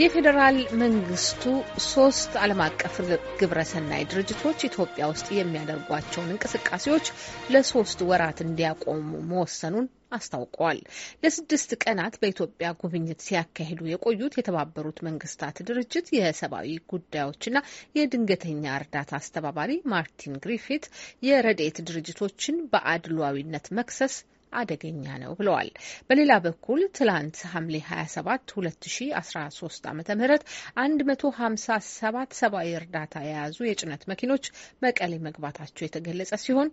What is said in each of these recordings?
የፌዴራል መንግስቱ ሶስት ዓለም አቀፍ ግብረሰናይ ድርጅቶች ኢትዮጵያ ውስጥ የሚያደርጓቸውን እንቅስቃሴዎች ለሶስት ወራት እንዲያቆሙ መወሰኑን አስታውቀዋል። ለስድስት ቀናት በኢትዮጵያ ጉብኝት ሲያካሂዱ የቆዩት የተባበሩት መንግስታት ድርጅት የሰብአዊ ጉዳዮችና የድንገተኛ እርዳታ አስተባባሪ ማርቲን ግሪፊት የረድኤት ድርጅቶችን በአድሏዊነት መክሰስ አደገኛ ነው ብለዋል። በሌላ በኩል ትላንት ሐምሌ 27 2013 ዓ ም 157 ሰብአዊ እርዳታ የያዙ የጭነት መኪኖች መቀሌ መግባታቸው የተገለጸ ሲሆን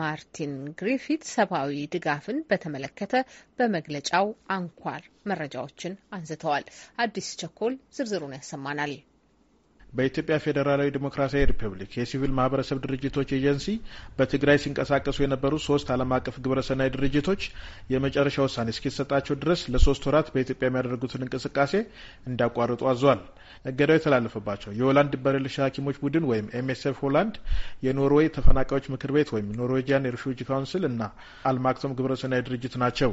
ማርቲን ግሪፊት ሰብአዊ ድጋፍን በተመለከተ በመግለጫው አንኳር መረጃዎችን አንስተዋል። አዲስ ቸኮል ዝርዝሩን ያሰማናል። በኢትዮጵያ ፌዴራላዊ ዴሞክራሲያዊ ሪፐብሊክ የሲቪል ማህበረሰብ ድርጅቶች ኤጀንሲ በትግራይ ሲንቀሳቀሱ የነበሩ ሶስት ዓለም አቀፍ ግብረሰናይ ድርጅቶች የመጨረሻ ውሳኔ እስኪሰጣቸው ድረስ ለሶስት ወራት በኢትዮጵያ የሚያደርጉትን እንቅስቃሴ እንዲያቋርጡ አዟል። እገዳው የተላለፈባቸው የሆላንድ ድንበር የለሽ ሐኪሞች ቡድን ወይም ኤምኤስኤፍ ሆላንድ፣ የኖርዌይ ተፈናቃዮች ምክር ቤት ወይም ኖርዌጂያን ሪፉጂ ካውንስል እና አልማክቶም ግብረሰናይ ድርጅት ናቸው።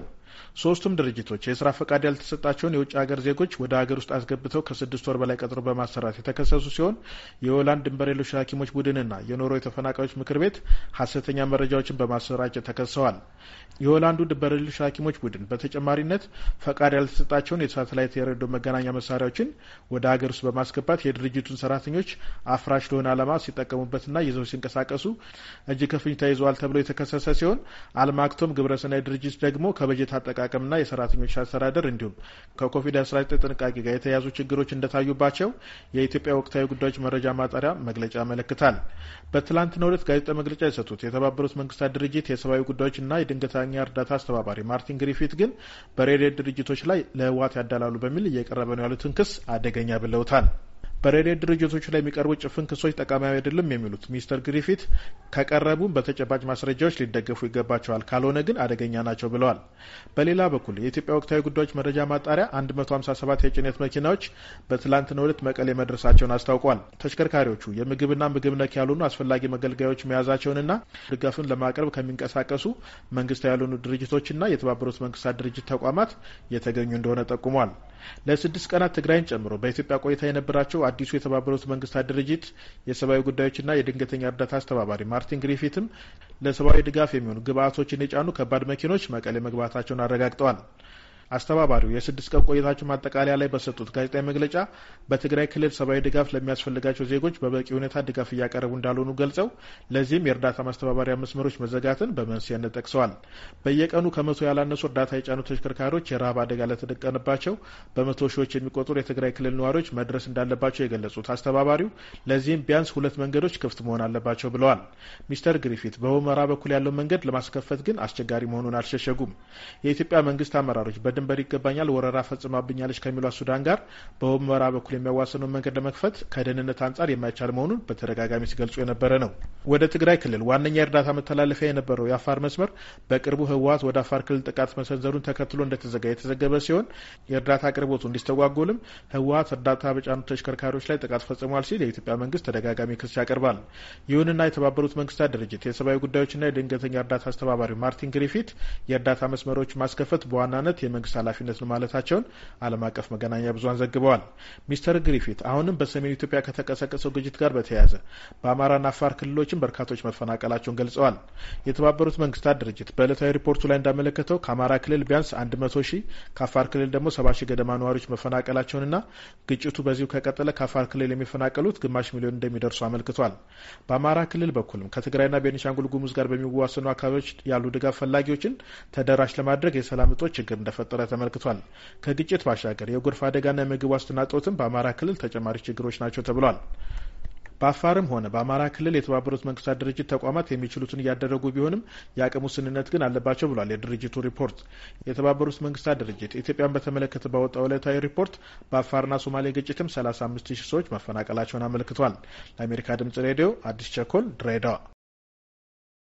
ሶስቱም ድርጅቶች የስራ ፈቃድ ያልተሰጣቸውን የውጭ ሀገር ዜጎች ወደ ሀገር ውስጥ አስገብተው ከስድስት ወር በላይ ቀጥሮ በማሰራት የተከሰሱ ሲሆን የሆላንድ ድንበር የለሽ ሐኪሞች ቡድንና የኖሮ የተፈናቃዮች ምክር ቤት ሀሰተኛ መረጃዎችን በማሰራጨት ተከሰዋል። የሆላንዱ ድንበር የለሽ ሐኪሞች ቡድን በተጨማሪነት ፈቃድ ያልተሰጣቸውን የሳተላይት የሬዲዮ መገናኛ መሳሪያዎችን ወደ ሀገር ውስጥ በማስገባት የድርጅቱን ሰራተኞች አፍራሽ ለሆነ ዓላማ ሲጠቀሙበትና ይዘው ሲንቀሳቀሱ እጅ ከፍንጅ ተይዘዋል ተብሎ የተከሰሰ ሲሆን አልማክቶም ግብረሰናይ ድርጅት ደግሞ ከበጀት አጠቃቀምና የሰራተኞች አስተዳደር እንዲሁም ከኮቪድ-19 ጥንቃቄ ጋር የተያያዙ ችግሮች እንደታዩባቸው የኢትዮጵያ ወቅታዊ ጉዳዮች መረጃ ማጣሪያ መግለጫ ያመለክታል። በትላንትናው ዕለት ጋዜጣ መግለጫ የሰጡት የተባበሩት መንግስታት ድርጅት የሰብአዊ ጉዳዮችና የድንገተኛ እርዳታ አስተባባሪ ማርቲን ግሪፊት ግን በሬዴድ ድርጅቶች ላይ ለህወሓት ያዳላሉ በሚል እየቀረበ ነው ያሉትን ክስ አደገኛ ብለውታል። በሬዲዮ ድርጅቶች ላይ የሚቀርቡ ጭፍን ክሶች ጠቃሚ አይደለም የሚሉት ሚስተር ግሪፊት ከቀረቡም በተጨባጭ ማስረጃዎች ሊደገፉ ይገባቸዋል፣ ካልሆነ ግን አደገኛ ናቸው ብለዋል። በሌላ በኩል የኢትዮጵያ ወቅታዊ ጉዳዮች መረጃ ማጣሪያ 157 የጭነት መኪናዎች በትላንትናው ዕለት መቀሌ መድረሳቸውን አስታውቋል። ተሽከርካሪዎቹ የምግብና ምግብ ነክ ያልሆኑ አስፈላጊ መገልገያዎች መያዛቸውንና ድጋፍን ለማቅረብ ከሚንቀሳቀሱ መንግስታዊ ያልሆኑ ድርጅቶችና የተባበሩት መንግስታት ድርጅት ተቋማት የተገኙ እንደሆነ ጠቁሟል። ለስድስት ቀናት ትግራይን ጨምሮ በኢትዮጵያ ቆይታ የነበራቸው አዲሱ የተባበሩት መንግስታት ድርጅት የሰብአዊ ጉዳዮችና የድንገተኛ እርዳታ አስተባባሪ ማርቲን ግሪፊትም ለሰብአዊ ድጋፍ የሚሆኑ ግብአቶችን የጫኑ ከባድ መኪኖች መቀሌ መግባታቸውን አረጋግጠዋል። አስተባባሪው የስድስት ቀን ቆይታቸው ማጠቃለያ ላይ በሰጡት ጋዜጣዊ መግለጫ በትግራይ ክልል ሰብአዊ ድጋፍ ለሚያስፈልጋቸው ዜጎች በበቂ ሁኔታ ድጋፍ እያቀረቡ እንዳልሆኑ ገልጸው ለዚህም የእርዳታ ማስተባበሪያ መስመሮች መዘጋትን በመንስኤነት ጠቅሰዋል። በየቀኑ ከመቶ ያላነሱ እርዳታ የጫኑ ተሽከርካሪዎች የረሃብ አደጋ ለተደቀንባቸው በመቶ ሺዎች የሚቆጠሩ የትግራይ ክልል ነዋሪዎች መድረስ እንዳለባቸው የገለጹት አስተባባሪው ለዚህም ቢያንስ ሁለት መንገዶች ክፍት መሆን አለባቸው ብለዋል። ሚስተር ግሪፊት በሁመራ በኩል ያለው መንገድ ለማስከፈት ግን አስቸጋሪ መሆኑን አልሸሸጉም። የኢትዮጵያ መንግስት አመራሮች በ በድንበር ይገባኛል ወረራ ፈጽማብኛለች ከሚሏት ሱዳን ጋር በሁመራ በኩል የሚያዋስነውን መንገድ ለመክፈት ከደህንነት አንጻር የማይቻል መሆኑን በተደጋጋሚ ሲገልጹ የነበረ ነው። ወደ ትግራይ ክልል ዋነኛ የእርዳታ መተላለፊያ የነበረው የአፋር መስመር በቅርቡ ህወሀት ወደ አፋር ክልል ጥቃት መሰንዘሩን ተከትሎ እንደተዘጋ የተዘገበ ሲሆን የእርዳታ አቅርቦቱ እንዲስተጓጎልም ህወሀት እርዳታ በጫኑ ተሽከርካሪዎች ላይ ጥቃት ፈጽሟል ሲል የኢትዮጵያ መንግስት ተደጋጋሚ ክስ ያቀርባል። ይሁንና የተባበሩት መንግስታት ድርጅት የሰብአዊ ጉዳዮችና የድንገተኛ እርዳታ አስተባባሪ ማርቲን ግሪፊት የእርዳታ መስመሮች ማስከፈት በዋናነት መንግስት ኃላፊነት ነው ማለታቸውን ዓለም አቀፍ መገናኛ ብዙሀን ዘግበዋል። ሚስተር ግሪፊት አሁንም በሰሜን ኢትዮጵያ ከተቀሰቀሰው ግጭት ጋር በተያያዘ በአማራና አፋር ክልሎችም በርካቶች መፈናቀላቸውን ገልጸዋል። የተባበሩት መንግስታት ድርጅት በዕለታዊ ሪፖርቱ ላይ እንዳመለከተው ከአማራ ክልል ቢያንስ አንድ መቶ ሺህ ከአፋር ክልል ደግሞ ሰባ ሺህ ገደማ ነዋሪዎች መፈናቀላቸውንና ግጭቱ በዚሁ ከቀጠለ ከአፋር ክልል የሚፈናቀሉት ግማሽ ሚሊዮን እንደሚደርሱ አመልክቷል። በአማራ ክልል በኩልም ከትግራይና ቤኒሻንጉል ጉሙዝ ጋር በሚዋሰኑ አካባቢዎች ያሉ ድጋፍ ፈላጊዎችን ተደራሽ ለማድረግ የሰላም እጦት ችግር እንደፈጠ እንደተፈጠረ ተመልክቷል። ከግጭት ባሻገር የጎርፍ አደጋና የምግብ ዋስትና ጦትም በአማራ ክልል ተጨማሪ ችግሮች ናቸው ተብሏል። በአፋርም ሆነ በአማራ ክልል የተባበሩት መንግስታት ድርጅት ተቋማት የሚችሉትን እያደረጉ ቢሆንም የአቅሙ ስንነት ግን አለባቸው ብሏል የድርጅቱ ሪፖርት። የተባበሩት መንግስታት ድርጅት ኢትዮጵያን በተመለከተ ባወጣው ዕለታዊ ሪፖርት በአፋርና ሶማሌ ግጭትም 35 ሺህ ሰዎች መፈናቀላቸውን አመልክቷል። ለአሜሪካ ድምጽ ሬዲዮ አዲስ ቸኮል ድሬዳዋ